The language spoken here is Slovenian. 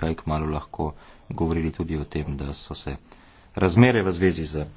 kaj k malu lahko govorili tudi o tem, da so se razmere v zvezi z